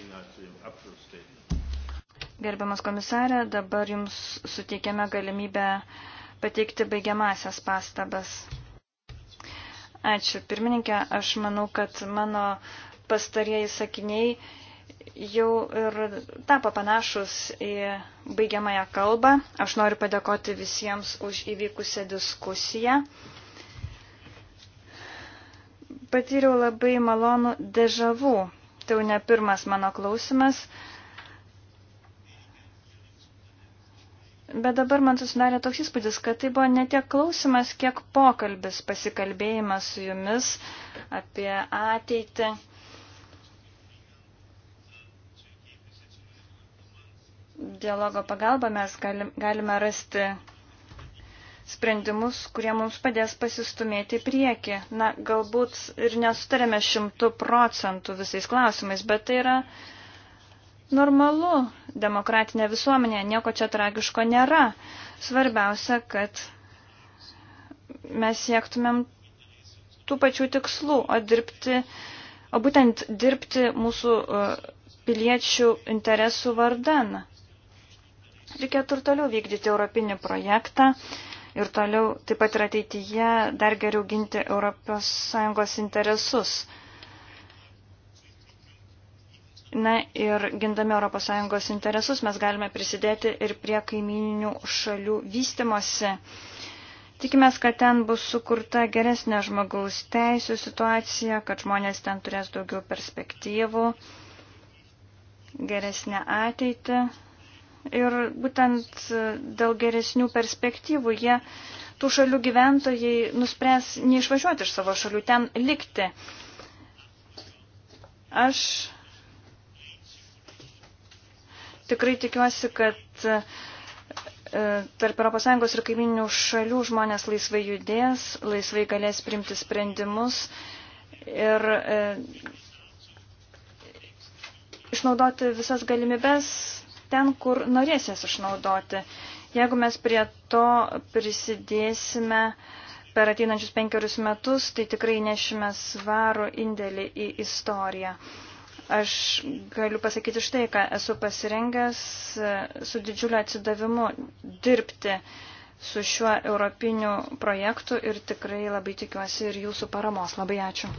Tai Gerbiamas komisarė, dabar Jums suteikiame galimybę pateikti baigiamasias pastabas. Ačiū, pirmininkė. Aš manau, kad mano pastarieji sakiniai jau ir tapo panašus į baigiamąją kalbą. Aš noriu padėkoti visiems už įvykusią diskusiją. Patyriau labai malonų dežavų tai jau ne pirmas mano klausimas. Bet dabar man susidarė toks įspūdis, kad tai buvo ne tiek klausimas, kiek pokalbis, pasikalbėjimas su jumis apie ateitį. Dialogo pagalba mes galime rasti sprendimus, kurie mums padės pasistumėti į priekį. Na, galbūt ir nesutarėme šimtų procentų visais klausimais, bet tai yra normalu demokratinė visuomenė, nieko čia tragiško nėra. Svarbiausia, kad mes siektumėm tų pačių tikslų, o dirbti, o būtent dirbti mūsų uh, piliečių interesų vardan. Reikėtų ir toliau vykdyti europinį projektą. Uh, ir toliau taip pat ir ateityje dar geriau ginti ES interesus. Na ir gindami ES interesus mes galime prisidėti ir prie kaimininių šalių vystimosi. Tikimės, kad ten bus sukurta geresnė žmogaus teisų situacija, kad žmonės ten turės daugiau perspektyvų, geresnę ateitį ir būtent e, dėl geresnių perspektyvų jie, tų šalių gyventojai, nuspręs neišvažiuoti iš savo šalių, ten likti. Aš tikrai tikiuosi, kad e, tarp ES ir kaiminių šalių žmonės laisvai judės, laisvai galės priimti sprendimus ir e, išnaudoti visas galimybes ten, kur norės jas išnaudoti. Jeigu mes prie to prisidėsime per ateinančius penkerius metus, tai tikrai nešime svarų indėlį į istoriją. Aš galiu pasakyti štai, ką esu pasirengęs e, su didžiuliu atsidavimu dirbti su šiuo europiniu projektu ir tikrai labai tikiuosi ir jūsų paramos. Labai ačiū.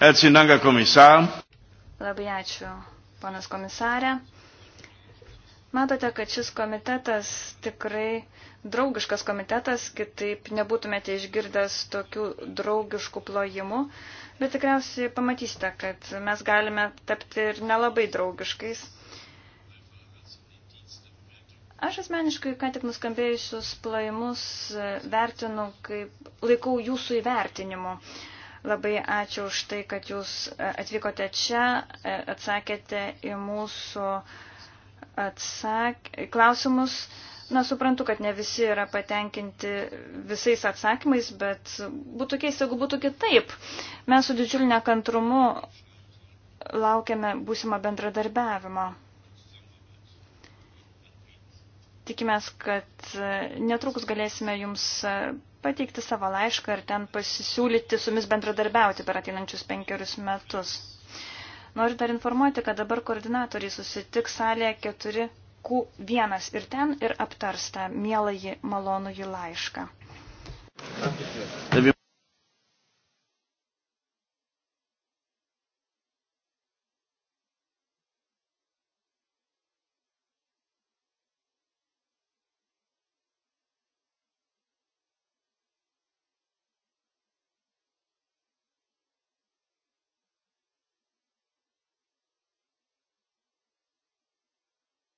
Herzlichen Dank, Herr Kommissar. Labai ačiū, panas komisarė. Matote, kad šis komitetas tikrai draugiškas komitetas, kitaip nebūtumėte išgirdęs tokių draugiškų plojimų, bet tikriausiai pamatysite, kad mes galime tapti ir nelabai draugiškais. Aš asmeniškai ką tik nuskambėjusius plojimus vertinu, kaip laikau jūsų įvertinimu. Labai ačiū už tai, kad jūs e, atvykote čia, e, atsakėte į mūsų atsak... klausimus. Na, suprantu, kad ne visi yra patenkinti visais atsakymais, bet būtų keista, jeigu būtų kitaip. Mes su didžiuliu nekantrumu laukiame būsimo bendradarbiavimo. Tikimės, kad e, netrukus galėsime jums e, pateikti savo laišką ir ten pasisiūlyti su jumis bendradarbiauti per ateinančius penkerius metus. Noriu dar informuoti, kad dabar koordinatoriai susitiks salėje 4Q1 ir ten ir aptarsta mieląjį malonųjį laišką.